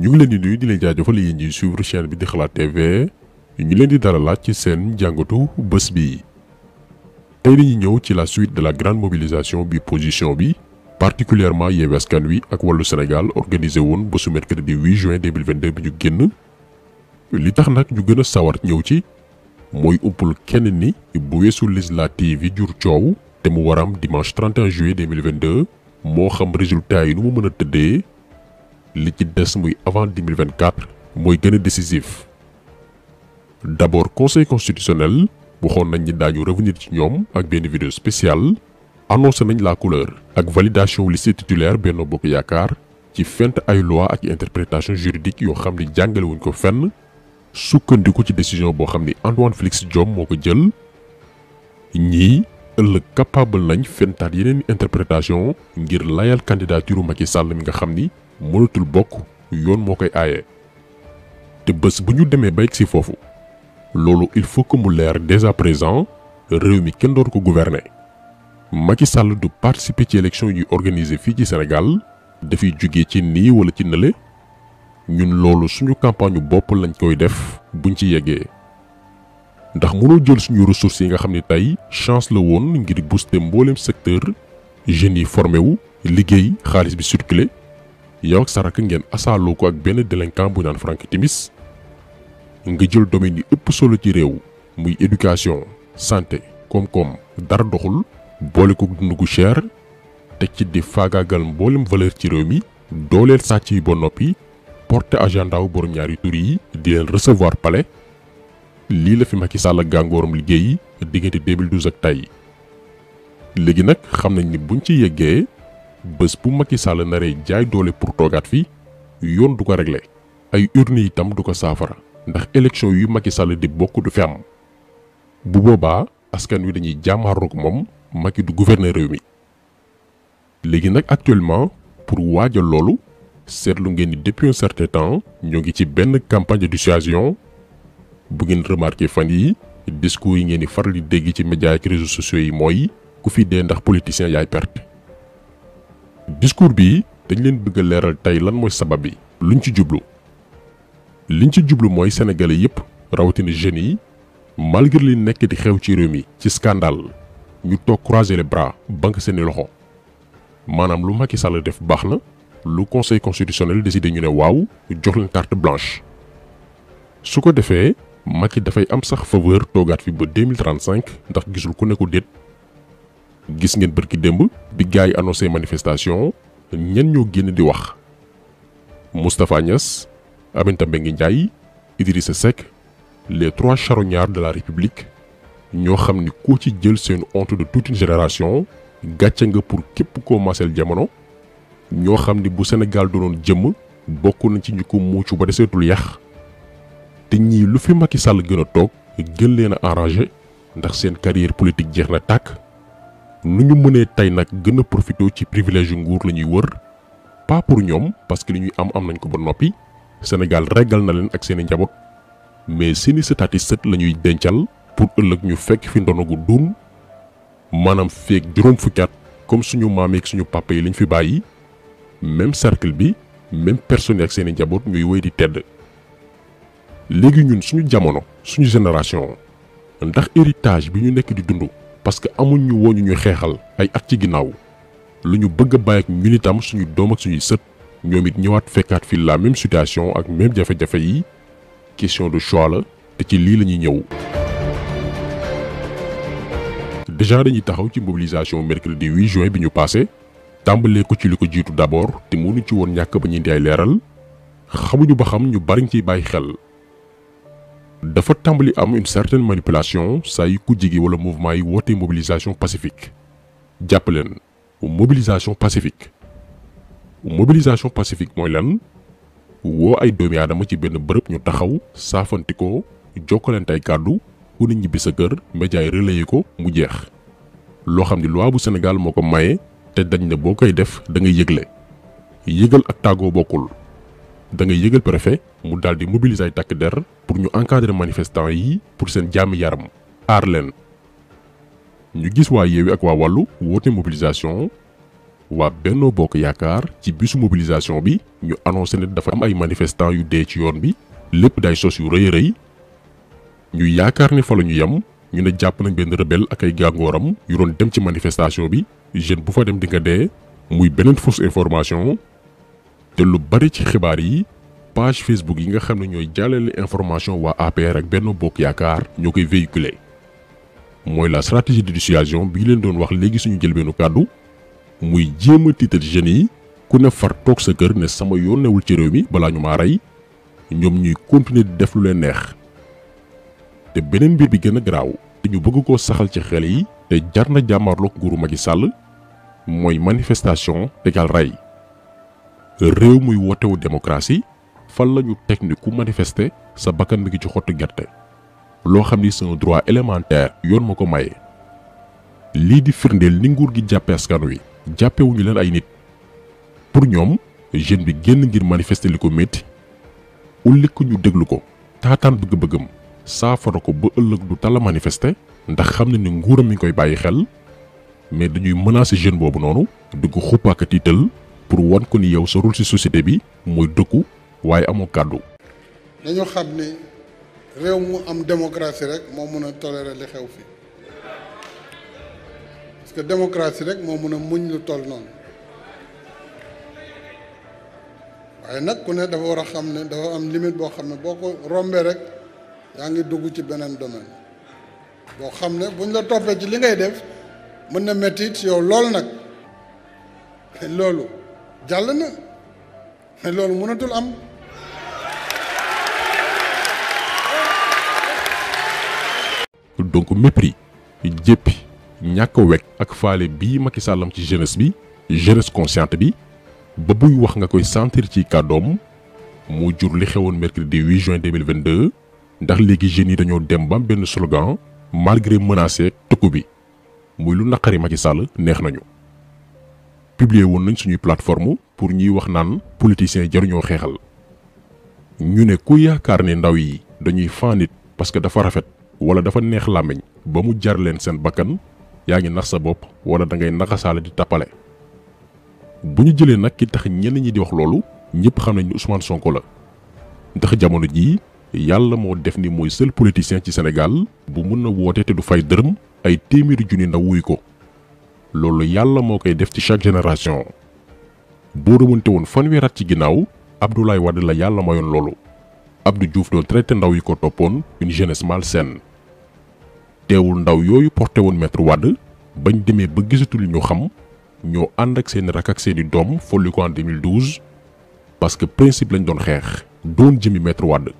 ñu ngi leen di nuyu di leen jaajëfal yéen ñiy suivre chaîne bi di xalaat TV ñu leen di dalalaat ci seen jàngatu bés bi. tey dañuy ñëw ci la suite de la grande mobilisation bi position bi particulièrement Yewwi Askan Wi ak wàllu Sénégal organisé woon bésu mercredi 8 juin 2022 bi ñu génn. li tax nag ñu gën a sawar ñëw ci mooy uppul kenn ni bu weesu législative yi jur coow te mu waram dimanche 31 juillet 2022 moo xam résultat yi lu mu mën a tëddee. li ci des muy avant 2024 mooy gën a décisif d'abord conseil constitutionnel waxoon nañ ni daañu revenir ci ñoom ak benn vidéo spéciale annoncé nañ la couleur ak validation liste titulaire Benno Bokk Yaakaar ci fent ay loi ak interprétation juridique yoo xam ni jàngale wuñ ko fenn sukkandiku ci décision boo xam ni Antoine Félix Diome moo ko jël ñii ëllëg capable nañ fentaat yeneen interprétation ngir layal candidature Macky sàll mi nga xam ni mënatul bokk yoon moo koy aaye te bés bu ñu demee ba si foofu loolu il faut que mu leer dès à présent réew mi kenn doon ko gouverner Macky sàll du participer ci élection yu organisé fii ci Sénégal dafiy jóge ci nii wala ci nële ñun loolu suñu campagne bopp lañ koy def buñ ci yeggee ndax mënoo jël suñu ressources yi nga xam ne tey chance la woon ngir booster mboolem secteur jeunes yi formé wu liggéey xaalis bi circulé yow ak sa rakk ngeen asaaloo ko ak benn délinquant bu naan Frank Timis nga jël domaine yi ëpp solo ci réew muy éducation santé koom-koom dara doxul boole ko dund gu cher teg ci di faagaagal mboolem valeur ci réew mi dooleel sàcc yi ba noppi porte agenda wu borom ñaari tur yi di leen recevoir pale lii la fi Macky Sall gàngoorum gàngooram liggéey diggante 2012 ak tey léegi nag xam nañ ni buñ ci yeggee. bés bu Macky Sall naree jaay doole pour toogaat fii yoon du ko réglé ay urne itam du ko saafara ndax élection yu Macky Sall di bokk du fi am bu boobaa askan wi dañuy jàmmaarloog moom Macky du gouverner réew mi léegi nag actuellement pour waajal loolu seetlu ngeen ni depuis un certain temps ñoo ngi ci benn campagne de dissuasion bu ngeen remarqué fan yi discours yi ngeen di faral di dégg ci médias ci réseaux sociaux yi mooy ku fi dee ndax politicien yaay perte. discours bi dañ leen bëgg a leeral tey lan mooy sabab bi luñ ci jublu liñ ci jublu mooy sénégalais yépp rawatina jeunes yi malgré li nekk di xew ci réew mi ci scandale ñu toog croiser les bras banque seeni loxo maanaam lu Macky Sall def baax na lu conseil constitutionnel décidé ñu ne waaw jox leen carte blanche su ko defee Macky dafay am sax faveur toogaat fi ba 2035 ndax gisul ku nekku ko gis ngeen bërki démb di gars yi annoncé manifestation ñen ñoo génn di wax Moustapha Niass Aminata Mbengue Ndiaye Idrissa Seck les trois charognards de la République ñoo xam ni ko ci jël seen honte de toute une génération gàcce nga pour képp koo masel jamono ñoo xam ni bu Sénégal doonoon jëmm bokk nañ ci ñu ko muucu ba deseetul yàq te ñii lu fi Macky Sall gën a toog gën leen a arrangé ndax seen carrière politique jeex na tàkk nu ñu mënee tey nag gën a profité ci privilège nguur la ñuy wër pas pour ñoom parce que li ñuy am am nañ ko ba noppi Sénégal reggal na leen ak seeni njaboot mais seeni sëtaati sët la ñuy dencal pour ëllëg ñu fekk fi ndono gu duun maanaam feeg juróom fukki comme suñu maam yeeg suñu papa yi lañu fi bàyyi même cercle bi même personne yi ak seeni njaboot ñuy wéy di tedd léegi ñun suñu jamono suñu génération ndax héritage bi ñu nekk di dund. parce que amuñu woñu ñu xeexal ay at ci ginnaaw lu ñu bëgg a bàyyi ak ñun itam suñu doom ak suñuy sët ñoom it ñëwaat fekkaat fi la même situation ak même jafe-jafe yi question de choix la te ci lii la ñuy ñëw. déjà dañuy taxaw ci mobilisation mercredi 8 juin bi ñu passé tàmbalee ko ci li ko jiitu d'abord te mënu ci woon ñàkk ba ñu indi ay leeral xamuñu ba xam ñu bari ñu ciy bàyyi xel. dafa tàmbali am une certaine manipulation saa yu ku jigi wala mouvement yi woote mobilisation pacifique jàpp leen mobilisation pacifique mobilisation pacifique mooy lan woo ay doomi aadama ci benn bërëb ñu taxaw saafanti ko ay kàddu ku ñibbi sa kër média yi relayé ko mu jeex loo xam ni loi bu Sénégal moo ko maye te dañ ne boo koy def da ngay yëgle yëgal ak tàggoo bokkul da ngay yëgal préfet mu daal di mobiliser ay takk der pour ñu encadrer manifestant yi pour seen jaami yaram aar leen ñu gis waa Yewwi ak waa Wallu woote mobilisation waa Benno Bokk Yaakaar ci bisu mobilisation bi ñu annoncé ne dafa am ay manifestants yu dee ci yoon bi lépp day sos yu rëy rëy ñu yaakaar ne fa ñu yem ñu ne jàpp nañ benn rebelle ak ay gàngooram yu doon dem ci manifestation bi jeune bu fa dem di nga dee muy beneen fausse information te lu bari ci xibaar yi page Facebook yi nga xam ne ñooy jàllale information waa APR ak benn Bokk Yaakaar ñoo koy véhiculer mooy la stratégie de dissuasion bi leen doon wax léegi suñu jëlbeenu kàddu muy jéem a tiital jeunes yi ku ne far toog sa kër ne sama yoon newul ci réew mi balaa ñu maa rey ñoom ñuy continuer di def lu leen neex te beneen mbir bi gën a garaaw te ñu bëgg ko saxal ci xel yi te jar na jàmmarloog nguuru Macky sàll mooy manifestation tegal rey réew muy wotewu démocratie fan la ñu teg ni ku manifester sa bakkan bi ngi ci xottu gerte loo xam ni c'est droit élémentaire yoon ma ko maye. lii di firndeel ni nguur gi jàppee askan wi jàppewuñu leen ay nit pour ñoom jeune bi génn ngir manifester li ko métti ulli ko ñu déglu ko taataan bëgg-bëggam saafara ko ba ëllëg du tala manifester ndax xam na ni nguuram mi ngi koy bàyyi xel mais dañuy menacer jeune boobu noonu di ko xuppaaka tiital pour wan ko ni yow sa rôle ci société bi mooy dugg waaye amoo kàddu. dañu xam ne réew mu am démocratie rek moo mun a tolérer li xew fi parce que démocratie rek moo mën a muñ lu toll noonu waaye nag ku ne dafa war a xam ne dafa am limite boo xam ne boo ko rombee rek yaa ngi dugg ci beneen domaine boo xam ne buñ la toppee ci li ngay def mën na métti ci yow lool nag loolu. jàll na mais loolu mënatul am donc mépris jéppi ñàkk wekk ak faale bi Macky Sall am ci jeunesse bi jeunesse consciente bi ba buy wax nga koy sentir ci kàddoom mu jur li xewoon mercredi 8 juin 2022 ndax léegi jeunes yi dañoo dem ba benn slogan malgré menacé tëkku bi muy lu naqari Macky Sall neex nañu publier woon nañ suñuy plateforme pour ñuy wax naan politiciens jaruñoo xeexal ñu ne ku yaakaar ne ndaw yi dañuy faanit parce que dafa rafet wala dafa neex làmmiñ ba mu jar leen seen bakkan yaa ngi nax sa bopp wala da ngay naxasaale di tappale bu ñu jëlee nag ki tax ñenn ñi di wax loolu ñëpp xam nañ ni Ousmane Sonko la ndax jamono jii yàlla moo def ni mooy sël politicien ci Sénégal bu mën na woote te du fay dërëm ay téeméeri junni ndaw wuy ko. loolu yàlla moo koy def ci chaque génération boo remonté woon fanweeri at ci ginnaaw Abdoulaye Wade la yàlla mayoon loolu Abdou Diouf doon traité ndaw yi ko toppoon une jeunesse malsaine teewul ndaw yooyu porté woon maître wàdd bañ demee ba gisatul ñu xam ñoo ànd ak seen rak ak seeni doom folli ko en 2012 parce que principe lañ doon xeex doon jëmi maître Wade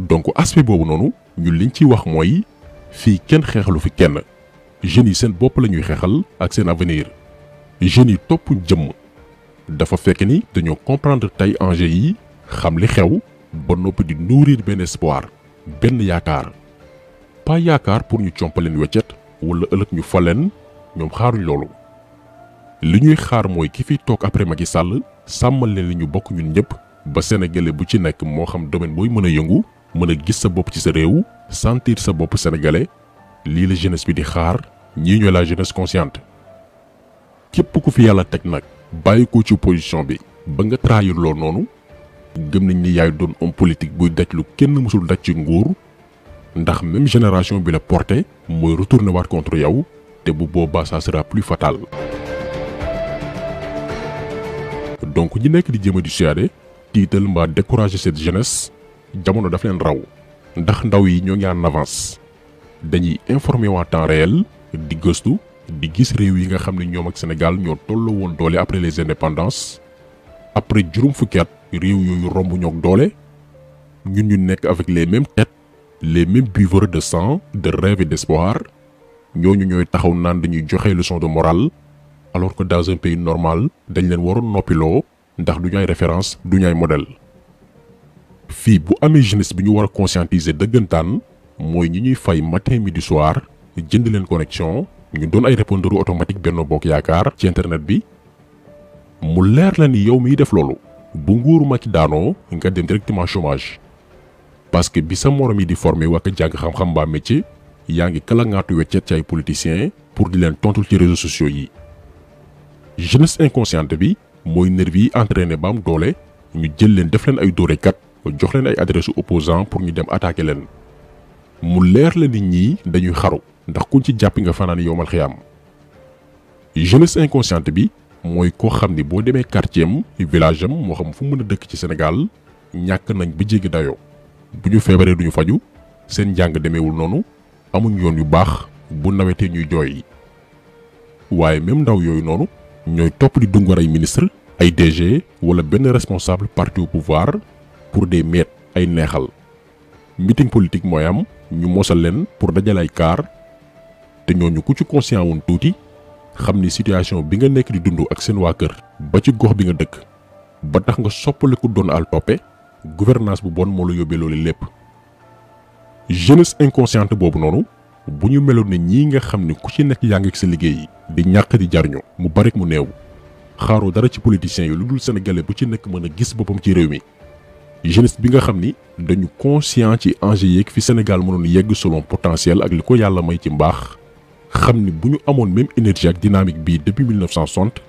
donc aspect boobu noonu ñu liñ ciy wax mooy fii kenn xeexalu fi kenn. jeunes yi seen bopp la ñuy xeexal ak seen avenir jeunes yi topp jëmm dafa fekk ni dañoo comprendre tey enjeu yi xam li xew ba noppi di nourrir benn espoir benn yaakaar pas yaakaar pour ñu compaleen weccet wala ëllëg ñu faleen ñoom xaaruñ loolu li ñuy xaar mooy ki fi toog après Macky Sall sàmmal leen li ñu bokk ñun ñëpp ba sénégalais bu ci nekk moo xam domaine booy mën a yëngu mën a gis sa bopp ci sa réew sentir sa bopp sénégalais lii la jeunesse bi di xaar ñii ñooy la jeunesse consciente képp ku fi yàlla teg nag bàyyi ko ci opposition bi ba nga trahir loo noonu gëm nañ ni yaay doon homme politique buy daj lu kenn mësul daj ci nguur ndax même génération bi la porté mooy retourné waat contre yow te bu boobaa ça sera plus fatal. donc ñi nekk di jéem a di suyaade tiital mbaa décourager cette jeunesse jamono daf leen raw ndax ndaw yi ñoo ngi en avance. dañuy informer waa temps réel di gëstu di gis réew yi nga xam ne ñoom ak Sénégal ñoo tolloo woon doole après les indépendances après juróom fukki at réew yooyu romb ñoog doole ñun ñu nekk avec les mêmes têtes les mêmes buveurs de sang de rêve et d'espoir ñooñu ñooy taxaw naan dañuy joxe leçon de morale alors que dans un pays normal dañ leen waroon noppiloo ndax du ñu ay référence du ñu ay modèle fii bu amee jeunesse bi ñu war a conscientiser dëggantaan. mooy ñi ñuy fay matin di soir jënd leen connexion ñu doon ay répondeur automatique Benno Bokk Yaakaar ci internet bi mu leer leen ni yow miy def loolu bu nguuru Macky daanoo nga dem directement chômage parce que bi sa morom yi di formé waa jàng xam-xam mbaa métier yaa ngi kalangaatu weccet ci ay politiciens pour di leen tontul ci réseaux sociaux yi. jeunesse inconsciente bi mooy nervi yi entraîné ba am doole ñu jël leen def leen ay dóorekat jox leen ay adresse opposant pour ñu dem attaquer leen. mu leer la nit ñi dañuy xaru ndax kuñ ci jàppi nga fanaan yowmal xiyaam jeunesse inconsciente bi mooy koo xam ni boo demee quartier village am moo xam fu mën a dëkk ci senegal ñàkk nañ ba jéggi dayoo bu ñu feebaree duñu faju seen njàng demeewul noonu amuñ yoon yu baax bu nawetee ñuy jooy waaye même ndaw yooyu noonu ñooy topp di dungar ay ministre ay DG wala benn responsable parti au pour des meet ay neexal mitin politique mooy am ñu mosal leen pour dajale ay kaar te ñooñu ku ci conscient woon tuuti xam ni situation bi nga nekk di dund ak seen waa kër. ba ci gox bi nga dëkk ba tax nga soppaliku doon al toppe gouvernance bu bon moo la yóbbee loolu lépp jeunesse inconsciente boobu noonu bu ñu meloon ne ñii nga xam ni ku ci nekk yaa ngi ak sa liggéey di ñàkk di jar jarñu mu bari mu néew xaaroo dara ci politiciens yi lu dul sénégalais bu ci nekk mën a gis boppam ci réew mi. jeunesse bi nga xam ni dañu conscient ci enjeu yeeg fi Sénégal mënoon yegg solo potentiel ak li ko yàlla may ci mbaax xam ni bu ñu amoon même énergie ak dynamique bii depuis 1960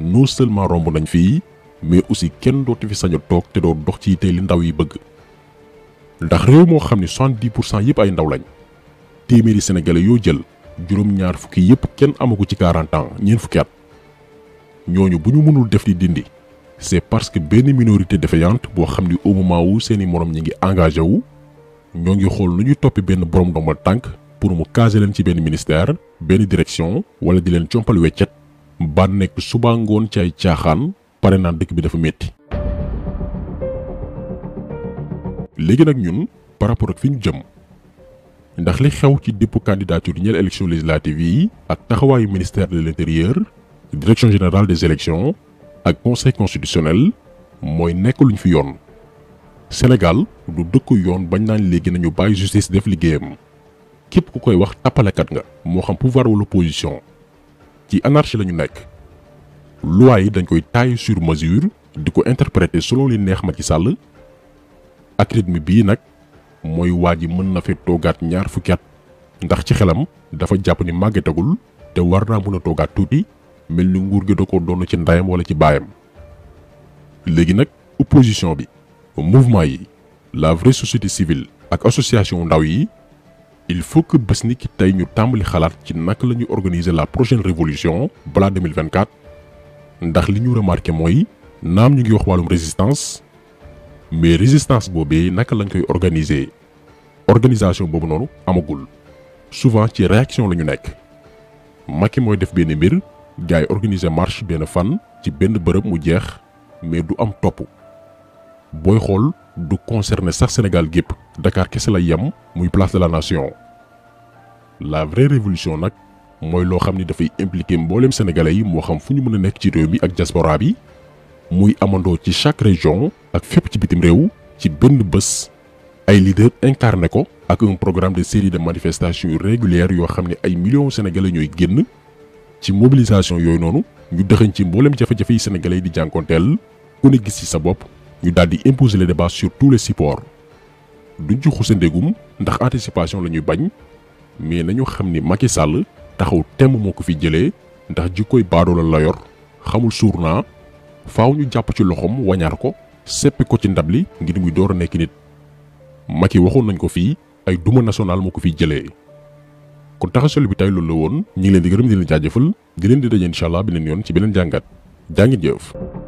non seulement romb nañ fii mais aussi kenn dootu fi sañu a toog te doo dox ci tey li ndaw yi bëgg ndax réew moo xam ni 70 pour cent yëpp ay ndaw lañ téeméeri sénégalais yoo jël juróom-ñaar fukki yëpp kenn amagu ci 40 ans ñeent fukki at ñooñu bu ñu mënul def li dindi. c'est parce que benn minorité défaillante boo xam ni au moment wu seeni moroom ñi ngi engagé wu ñoo ngi xool nu ñuy toppi benn borom ndombal tànk pour mu caser leen ci benn ministère benn direction wala di leen compal weccet ba nekk suba ngoon ci ay caaxaan pare naan dëkk bi dafa metti léegi nag ñun par rapport ak fi ñu jëm ndax li xew ci dépôt candidature ñeel élection législative yi ak taxawaayu ministère de l'intérieur direction générale des élections ak conseil constitutionnel mooy nekk luñ fi yoon. Sénégal du dëkk yoon bañ naan léegi nañu bàyyi justice def liggéeyam képp ku koy wax tappalekat nga moo xam pouvoir wala opposition ci anarchie la ñu nekk. luwaay yi dañ koy taille sur mesure di ko interpréter selon li neex Macky Sall ak rythme bii nag mooy waa ji mën na fi toogaat ñaar fukki at ndax ci xelam dafa jàpp ni màggetagul te war naa mën a toogaat tuuti. mel ni nguur gi da ko doon ci ndayam wala ci baayam léegi nag opposition bi mouvement yi la vraie société civile ak association ndaw yi il faut bés ni ki tey ñu tàmbali xalaat ci naka la ñuy organiser la prochaine révolution balaa 2024 ndax li ñu remarqué mooy naam ñu ngi wax wàllum résistance mais résistance boobee naka lañ koy organiser organisation boobu noonu amagul souvent ci réaction la ñu nekk Macky mooy def benn mbir. gars yi organiser marche benn fan ci benn bërëb mu jeex mais du am topp booy xool du concerner sax senegal gépp Dakar kese la yem muy place de la nation la vraie révolution nag mooy loo xam ni dafay impliquer mbooleem sénégalais yi moo xam fu ñu mën a nekk ci réew mi ak diaspora bi muy amandoo ci chaque région ak fépp ci bitim réew ci benn bés ay leader incarné ko ak un programme de série de yu régulières yoo xam ne ay millions sénégalais ñooy génn ci mobilisation yooyu noonu ñu dëxañ ci mboolem jafe-jafe yi sénégalais yi di jànkoonteel ku ne gis ci sa bopp ñu daal di imposer le débat sur tous les supports duñ ci xusa ndax anticipation la ñuy bañ mais nañu xam ni Macky sàll taxaw temm moo ko fi jëlee ndax koy baadoola la yor xamul suur naa faw ñu jàpp ci loxoom wañaar ko seppi ko ci ndab li ngir muy door a nekk nit Macky waxoon nañ ko fii ay duma national moo ko fiy jëlee kon taxaselu bi tay loolu la woon ñu leen di gërëm di leen jaajëfal di leen di daje incha allah beneen yoon ci beneen jàngat jàngit jëf